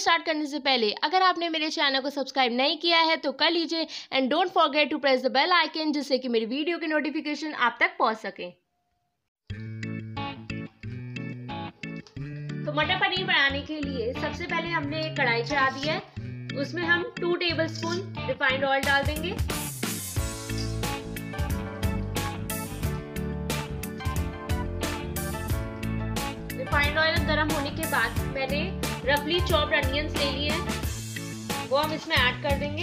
start करने से पहले अगर आपने मेरे चैनल को सब्सक्राइब नहीं किया है तो कर लीजिए and don't forget to press the bell icon जिससे कि मेरी वीडियो के नोटिफिकेशन आप तक पहुंच सके तो मटर पनीर बनाने के लिए सबसे पहले हमने एक कढ़ाई चढ़ा दी है उसमें हम two tablespoon refined oil डाल देंगे रिफाइंड ऑयल गर्म होने के बाद मैंने रफली चॉप्ड अनियंस ले लिए हैं वो हम इसमें ऐड कर देंगे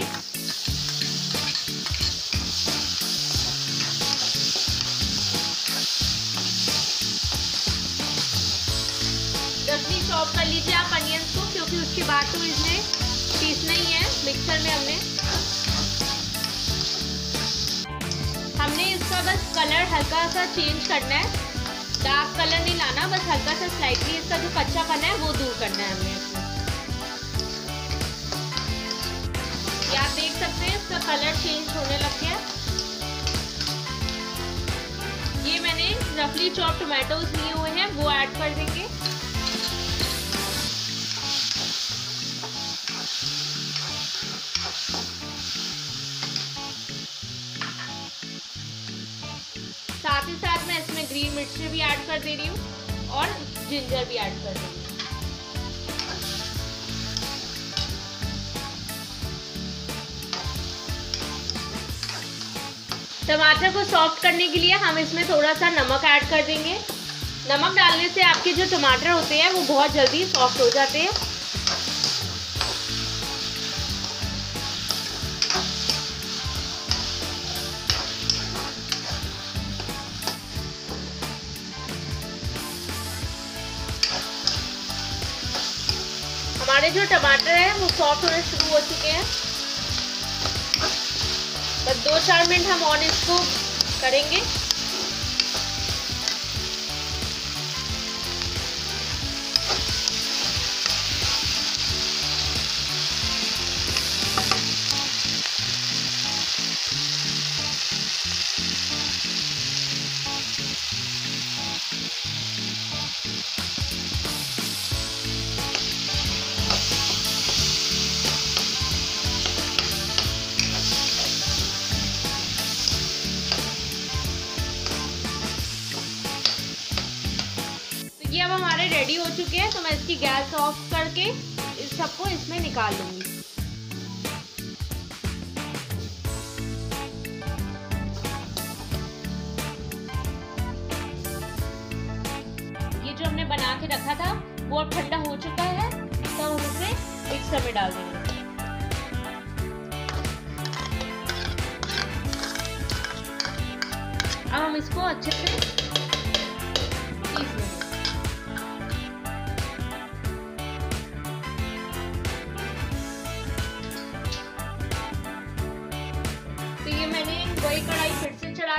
रफली चॉप कर लीजिए आप अनियंस को क्योंकि उसके बाद तो इसमें पीसना ही है मिक्सर में हमने हमने इसका बस कलर हल्का सा चेंज करना है बस हल्का सा स्लाइटली इसका जो कच्चा बना है वो दूर करना है हमें आप देख सकते हैं इसका कलर चेंज होने लग गया ये मैंने रफली चॉप टोमेटोज लिए हुए हैं वो ऐड कर देंगे साथ ही साथ मैं इसमें ग्रीन मिर्ची भी ऐड कर दे रही हूँ और जिंजर भी ऐड कर देंगे टमाटर को सॉफ्ट करने के लिए हम इसमें थोड़ा सा नमक ऐड कर देंगे नमक डालने से आपके जो टमाटर होते हैं वो बहुत जल्दी सॉफ्ट हो जाते हैं हमारे जो टमाटर हैं वो सॉफ्ट होने शुरू हो चुके हैं बस दो चार मिनट हम ऑन इसको करेंगे रेडी हो चुके हैं तो मैं इसकी गैस ऑफ करके इस सबको इसमें निकाल लूंगी ये जो हमने बना के रखा था वो अब ठंडा हो चुका है तो हम इसे मिक्सर में डाल देंगे अब हम इसको अच्छे से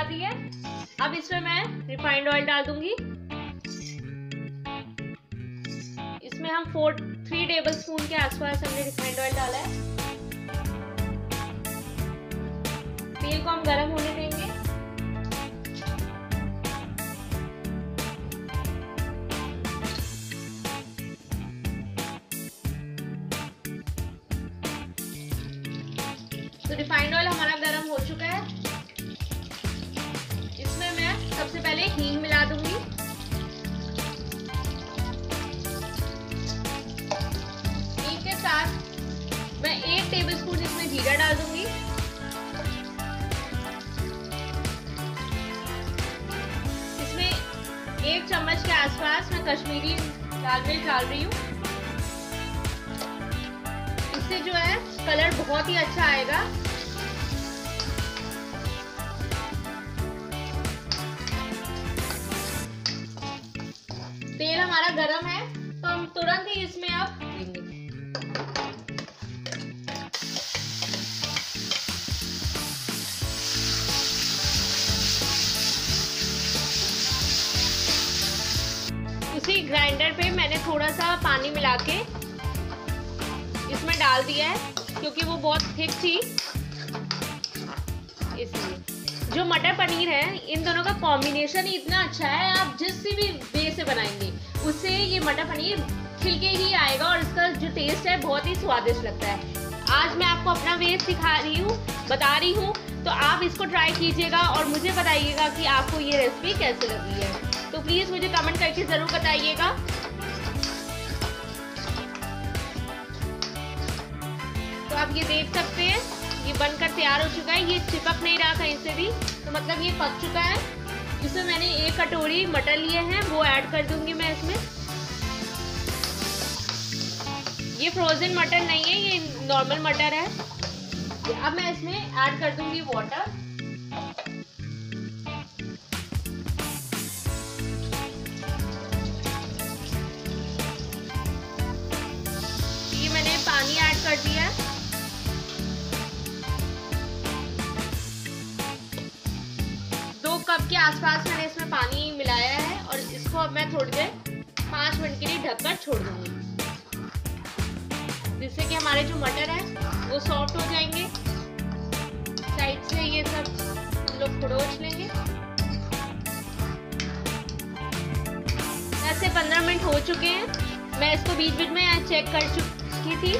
लगा दी है अब इसमें मैं रिफाइंड ऑयल डाल दूंगी इसमें हम फोर थ्री टेबल स्पून के आसपास हमने रिफाइंड ऑयल डाला है तेल को हम गर्म होने देंगे तो रिफाइंड ऑयल हमारा पहले हींग मिला दूंगी हींग के साथ मैं एक टेबलस्पून इसमें जीरा डाल दूंगी इसमें एक चम्मच के आसपास मैं कश्मीरी लाल मिर्च डाल रही हूँ इससे जो है कलर बहुत ही अच्छा आएगा तेल हमारा गरम है तो हम तुरंत ही इसमें अब उसी इसी ग्राइंडर पे मैंने थोड़ा सा पानी मिला के इसमें डाल दिया है क्योंकि वो बहुत थिक थी इसलिए जो मटर पनीर है इन दोनों का कॉम्बिनेशन ही इतना अच्छा है आप जिस भी वे से बनाएंगे उससे ये मटर पनीर खिलके ही आएगा और इसका जो टेस्ट है बहुत ही स्वादिष्ट लगता है आज मैं आपको अपना वे सिखा रही हूँ बता रही हूँ तो आप इसको ट्राई कीजिएगा और मुझे बताइएगा कि आपको ये रेसिपी कैसे लगी है तो प्लीज़ मुझे कमेंट करके ज़रूर बताइएगा तो आप ये देख सकते हैं ये बनकर तैयार हो चुका है ये चिपक नहीं रहा कहीं से भी तो मतलब ये पक चुका है इसमें मैंने एक कटोरी मटर लिए हैं वो ऐड कर दूंगी मैं इसमें ये फ्रोज़न मटर नहीं है ये नॉर्मल मटर है अब मैं इसमें ऐड कर दूंगी वाटर ये मैंने पानी ऐड कर दिया है आसपास मैंने इसमें पानी मिलाया है और इसको अब मैं थोड़ी देर पाँच मिनट के लिए ढककर छोड़ दूंगी जिससे कि हमारे जो मटर है वो सॉफ्ट हो जाएंगे साइड से ये सब हम लोग खड़ोच लेंगे ऐसे पंद्रह मिनट हो चुके हैं मैं इसको बीच बीच में यहाँ चेक कर चुकी थी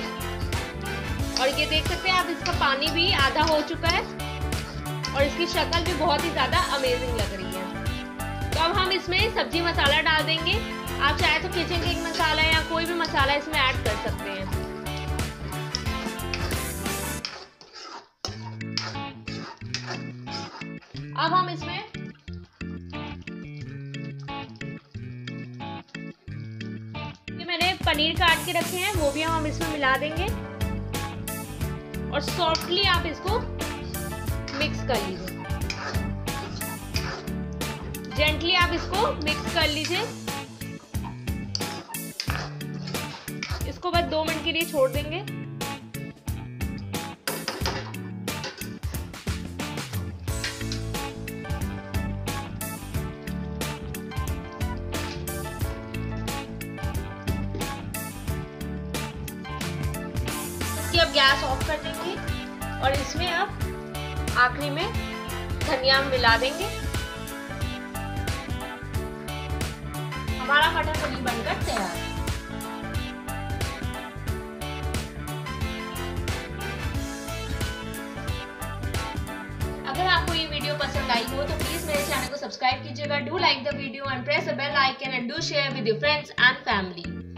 और ये देख सकते हैं आप इसका पानी भी आधा हो चुका है और इसकी शक्ल भी बहुत ही ज़्यादा अमेजिंग लग रही है तो अब हम इसमें सब्जी मसाला डाल देंगे आप चाहे तो किचन किंग मसाला या कोई भी मसाला इसमें ऐड कर सकते हैं अब हम इसमें मैंने पनीर काट के रखे हैं वो भी हम इसमें मिला देंगे और सॉफ्टली आप इसको मिक्स कर लीजिए जेंटली आप इसको मिक्स कर लीजिए इसको बस दो मिनट के लिए छोड़ देंगे अब गैस ऑफ कर देंगे और इसमें आप आखिरी में धनिया मिला देंगे हमारा मटर पनीर बनकर तैयार अगर आपको ये वीडियो पसंद आई हो तो प्लीज मेरे चैनल को सब्सक्राइब कीजिएगा do like the video and press the bell icon and do share with your friends and family